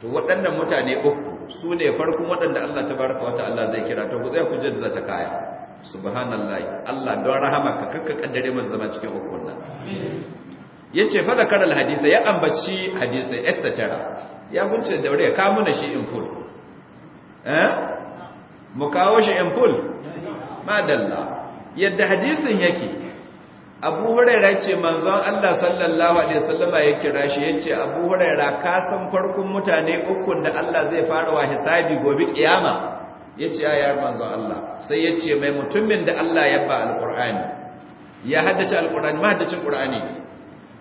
to waɗannan mutane uku su ne farkon waɗanda Allah ta baraka wata Allah zai kira to ku zai ku ta kaya subhanallahi Allah don rahama ka kakka kaddare mu zama cikin uku nan yace fa al hadisa, ya ambaci hadisi etc ya bunce da wuri ka muna shi in full eh mu kawo shi in full madalla yadda hadisin yake abu huraira ce manzon Allah sallallahu alaihi wasallama ya kira shi ce abu huraira ka san farkon mutane ukun da Allah zai fara wa hisabi gobe kiyama a, ya manzon Allah sai ya ce mai mutumin da Allah ya ba Alƙur'ani ya haddace Alƙur'ani, ma haddace qur'ani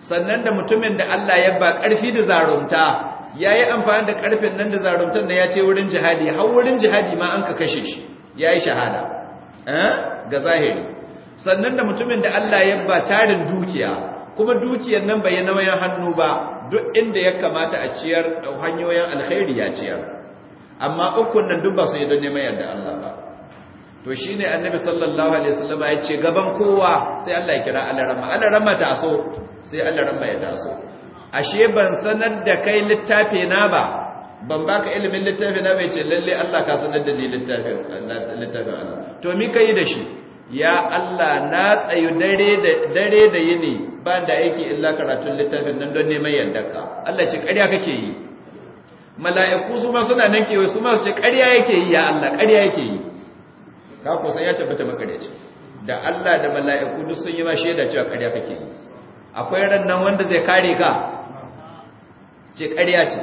sannan da mutumin da Allah ya ba karfi da zarumta ya yi amfani da karfin nan da zarumtan da ce wurin jihadi har wurin jihadi ma an ka kashe shi yi shahada eh? ga zahiri sannan da mutumin da Allah ya ba tarin dukiya kuma dukiyar nan bai nauyin hannu ba duk inda ya kamata a ciyar da hanyoyin alkhairi ya ciyar amma ukun nan duk ba su yi don neman yadda Allah ba to shine annabi sallallahu alaihi wasallam ya ce gaban kowa sai Allah ya kira alarama alarama ta so sai alarama ya taso ashe ban sanar da kai littafi na ba ban baka ilimin littafi na bai ce lalle Allah ka sanar da ni littafin littafin Allah to mi kai da shi ya Allah na tsayu dare da yini ba da aiki illa karatun littafin nan don neman yardarka Allah ce ƙarya kake yi mala'iku su ma suna nan kewa su ma ce ƙarya yake yi ya Allah ƙarya yake yi ka kusa ya tabbata ce. da Allah da mala'iku duk sun yi ma shaida cewa ƙarya kake yi akwai ran nan wanda zai kare ka ce ƙarya ce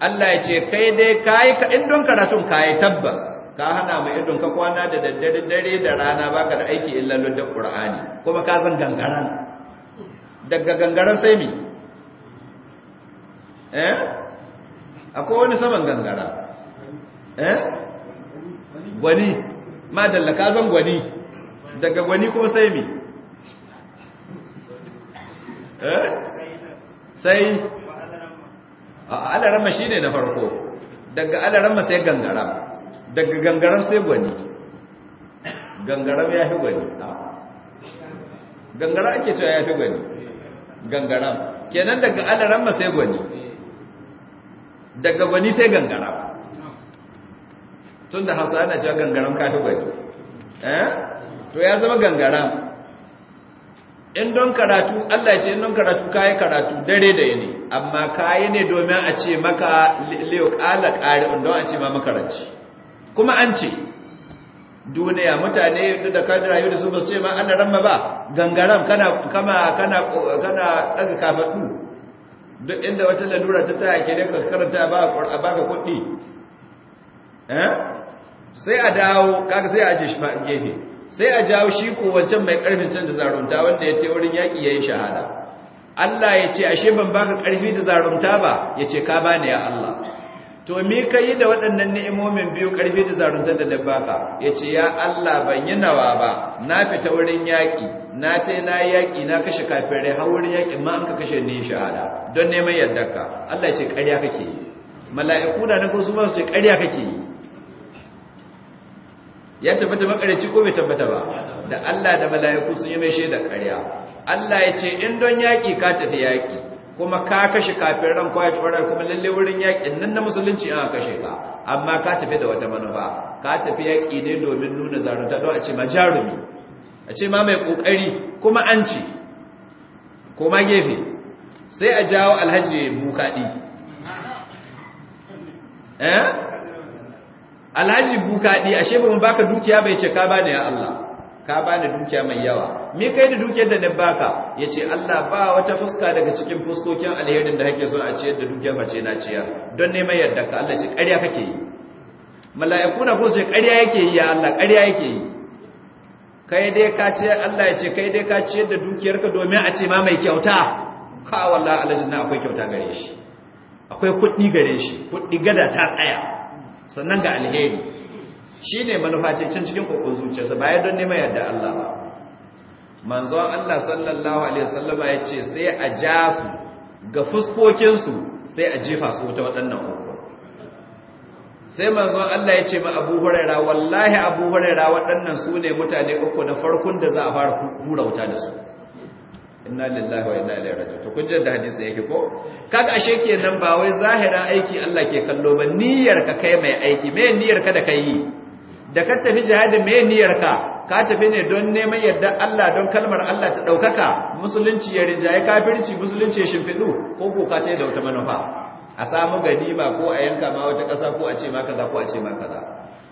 Allah ya ce kai dai kayi ka in don karatun yi tabbas ka hana mai idon ka kwana da daddare dare da rana baka da aiki illa da qur'ani kuma ka san gangaran daga gangaran sai mi eh akwai wani saman gangara eh gwani dalla ka san gwani daga gwani kuma sai mi eh sai alarama shine na farko daga alarama sai gangara daga gangaren sai gwani gangaren ya fi gwani gangaren ake cewa ya fi gwani gangaren kenan daga alaran ma sai gwani daga gwani sai gangaren tun da hausa ana cewa gangaren ka fi gwani eh to ya zama gangaren in don karatu Allah ce in don karatu kayi karatu dare da yini amma kayi ne domin a ce maka leo kala ƙari don a ce ma makaranci kuma an ce duniya mutane da kan rayu da su ba ce ma ana ramma ba gangaram kana kama kana kana daga kafadu duk inda wata lalura ta taya ke ka karanta ba a baka kuɗi eh sai a dawo kaga sai a aje shi gefe sai a jawo shi ko wancan mai karfin can da zarunta wanda ya ce wurin yaki yayin shahada Allah ya ce ashe ban baka karfi da zarunta ba ya ce ka bani ya Allah to me ka yi da waɗannan ni'imomin biyu ƙarfi da zaruntar da dabbaka ya ce ya Allah ban yi nawa ba na fita wurin yaƙi na ta na yaƙi na kashe kafirai har wurin yaƙi ma an ka kashe ni shahada don neman yardarka Allah ya ce ƙarya kake yi mala'iku na nako su masu ce ƙarya kake yi ya tabbata makarici ko bai tabbata ba da Allah da mala'iku sun yi mai shaida ƙarya Allah ya ce in don yaƙi ka tafi yaƙi kuma ka kashe kafin ran quiet farar kuma lalle wurin yakin nan na musulunci an kashe ka amma ka tafi da wata manufa ka tafi yaƙi ne domin nuna zarunta don a ce ma jarumi a ce ma mai kokari kuma an ce kuma gefe sai a jawo alhaji bukadi eh alhaji bukadi ashe ba mun baka dukiya bai ce ka bani ya Allah ka bani dukiya mai yawa me kai da dukiyar da na baka yace Allah ba wata fuska daga cikin fuskokin alherin da kake so a ciyar da dukiya face na ciyar don neman yarda ka Allah ce ƙarya kake yi mala'iku na ko sai ƙarya yake yi ya Allah ƙarya yake yi kai dai ka ce Allah ya ce kai dai ka ciyar da dukiyarka domin a ce ma mai kyauta ka wallahi aljanna akwai kyauta gare shi akwai kuɗi gare shi kuɗi gada ta tsaya sannan ga alheri shi ne manufa can cikin kokon zuciyarsa ba ya don nema yadda Allah ba manzon Allah sallallahu alaihi wasallama ya ce sai a ja su ga fuskokinsu sai a jefa su wuta waɗannan uku sai manzon Allah ya ce ma Abu Huraira wallahi Abu Huraira waɗannan su ne mutane uku na farkon da za a fara hura wuta da su inna lillahi wa inna ilaihi raji'un to kun da hadisi yake ko kaga ashe kenan ba wai zahiran aiki Allah ke kallo ba niyyar ka kai mai aiki me niyyar ka da kai yi da ka tafi jihadin mai niyyarka ka tafi ne don neman yarda Allah don kalmar Allah ta daukaka musulunci ya rinjaye kafirci musulunci ya shimfidu ko ko ka ce da wata manufa a samu ganima ko a yanka ma wata ƙasa ko a ce ma kaza ko a ce ma kaza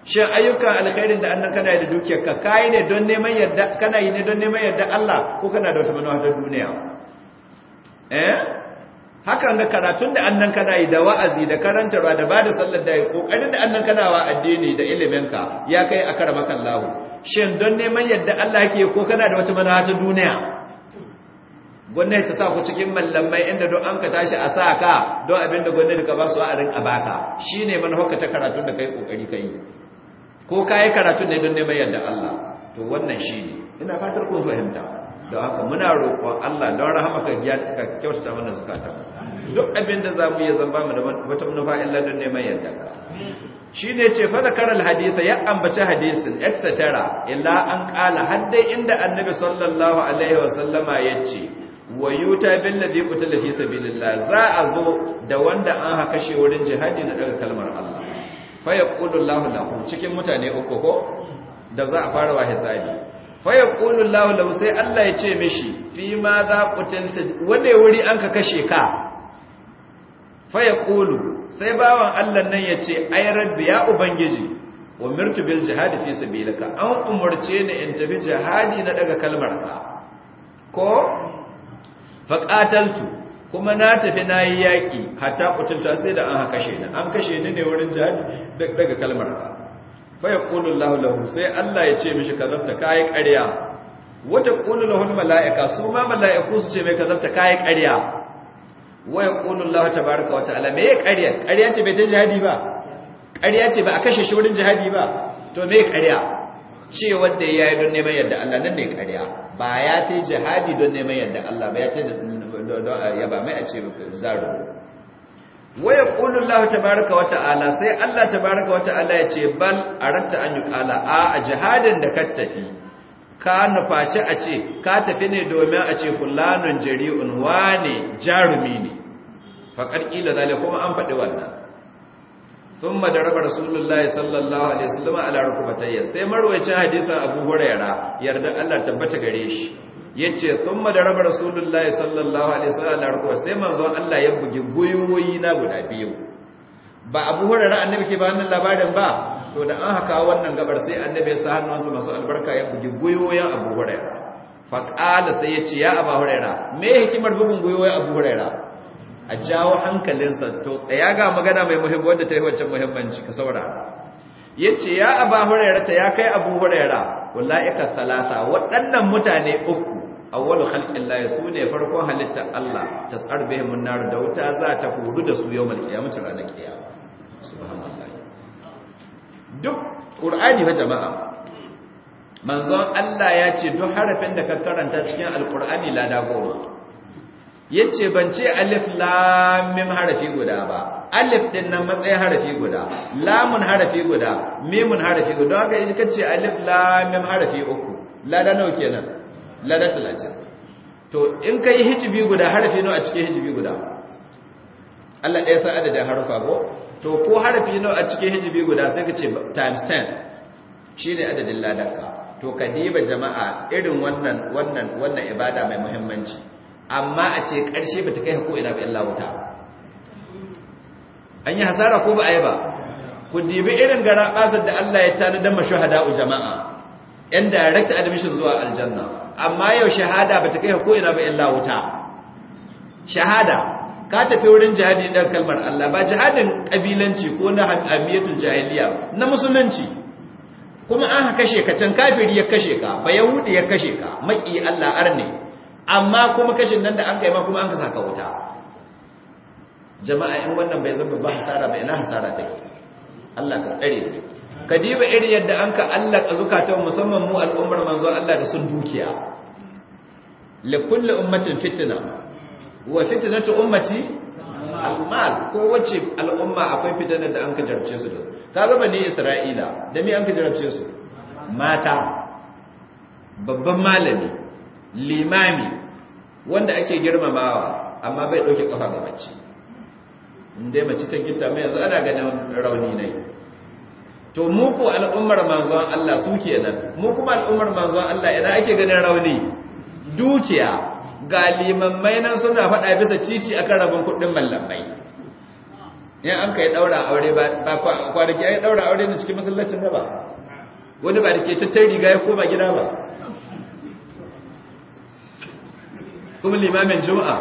shin ayyukan alkhairin da annan kana yi da dukiyar ka kai ne don neman yarda kana yi ne don neman yarda Allah ko kana da wata manufa ta duniya eh Haka ga karatun da annan kana yi da wa'azi da karantarwa da bada sallar da yi kokarin da annan kana wa addini da iliminka ya kai a karamaka kallahu shin don neman yadda Allah ke ko kana da wata manhaja duniya gwamnati ta sa ku cikin mallamai inda don an ka tashi a sa ka don abin da gwamnati ka ba su a rin a baka shine manhaja ta karatun da kai kokari kai ko kai karatun ne don neman yadda Allah to wannan shine ina fatar ku fahimta don haka muna roƙon Allah don rahama ka kyautata mana zukata duk abin da za mu yi zan ba mu da wata manufa illa don neman yarda ka shi ne ce fa zakar hadisa, ya ambaci hadisin etc illa an kala har dai inda annabi sallallahu alaihi wasallama ya ce wa yuta bil ladhi qutila fi sabilillah za a zo da wanda an haka shi wurin jihadi na daga kalmar Allah fa yaqulu Allahu lahu cikin mutane uku ko da za a fara wa hisabi fa Kulu Allahu sai Allah ya ce mishi fi ma za qutilta wane wuri an ka kashe ka fa Kulu, sai bawan Allah nan ya ce ay rabbi ya ubangiji umirtu bil jihad fi sabilika an umurce ni in tafi jihadi na daga kalmar ka ko faqataltu kuma na tafi nayi yaki hatta kutunta sai da an kashe ni an kashe ni ne wurin jihadi daga kalmar ka baya kulun lahulahu sai Allah ya ce mishi kazabta kayi ƙarya wata kulun lahu malaika su ma malaiku su ce mai kazabta karya? ƙarya kulun yaqulu ta baraka wata ta'ala me ƙarya ƙarya ce bai ta jihadi ba ƙarya ce ba a kashe shi wurin jihadi ba to me ƙarya ce wanda yi don neman yadda Allah nan ne ƙarya ba ya ta jihadi don neman yadda Allah ba ya ta ba mai a ce zaro waya qulu Allah tabaaraka wa ta'ala sai Allah tabaaraka wa ta'ala ya ce bal aratta an yuqala a jihadin da ka tafi ka nufaci a ce ka tafi ne domin a ce fulanun jari'un wane jarumi ne faƙar ƙila zale kuma an faɗi wannan sun madaraba rasulullahi sallallahu alaihi wasallam ala rukubatayya sai marwayacin hadisin abu huraira yarda Allah tabbata gare shi yace da raba rasulullahi sallallahu alaihi wasallam sai manzo Allah ya bugi goyoyi na guda biyu ba Abu Hurairah annabi ke ba wannan labarin ba to da an haka wannan gabar sai annabi ya sa hannunsa masu albarka ya bugi goyoyin Abu Hurairah fa qala sai yace ya Abu Hurairah me hikimar bugun goyoyin Abu Hurairah a jawo hankalinsa to tsaya ga magana mai muhimmanci wanda ta yi wancan muhimmanci ka saura yace ya Abu Hurairah ta ya kai Abu Hurairah wallahi ka salata waɗannan mutane uku awwalu khalqin su ne farkon halitta Allah tasar bihim an-nar da wuta za ta hudu da su yawmal qiyamati ranar qiyama subhanallahi duk qur'ani fa jama'a manzon Allah ya ce duk harafin da ka karanta cikin alqur'ani lada goma yace ban ce alif lam mim harafi guda ba alif din nan matsayi harafi guda lamun harafi guda mimun harafi guda don haka in ce alif lam mim harafi uku lada nawa kenan lada talatin to in ka yi hijibi guda harafi nawa a cikin hijibi guda Allah ɗaya sa adadin harufa ko to ko harafi nawa a cikin hijibi guda sai ka ce times 10 shine adadin ladanka to ka diba jama'a irin wannan wannan wannan ibada mai muhimmanci amma a ce ƙarshe ba ta kai ko ina ba illa wuta an yi hasara ko ba a yi ba ku dibi irin gara basar da Allah ya tana da u jama'a yan direct admission zuwa aljanna amma yau shahada ba ta kai ko ina ba illa wuta shahada ka tafi wurin jihadi dan kalmar Allah ba jihadin kabilanci ko na hamiyatul jahiliya na musulunci kuma an kashe ka can kafiri ya kashe ka ba yahudi ya kashe ka maki Allah arne amma kuma kashin nan da an kai ma kuma an ka wuta jama'a in wannan bai zama ba hasara ba ina hasara take Allah ka tsare ka diba irin yadda an ka Allah allaka zukata musamman mu al'ummar manzo Allah da sun dukiya li kulli ummatin fitna wa fitnatu ummati al-mal ko wace al'umma akwai fitnar da an ka jarce su da kaga bani Isra'ila da me an ka jarce su mata babban malami limami wanda ake girmamawa amma bai dauke kafa ga bacci. inda mace ta gita mai yanzu ana ganin rauni ne to mu ko al'ummar manzon Allah su kenan mu kuma al'ummar manzon Allah idan ake ganin rauni dukiya ga limammai nan suna faɗa bisa cici akan rabin kuɗin mallamai in an kai daura aure ba kwanaki ai daura aure ne cikin masallacin da ba wani ba da ke tattar riga ya koma gida ba kuma limamin juma'a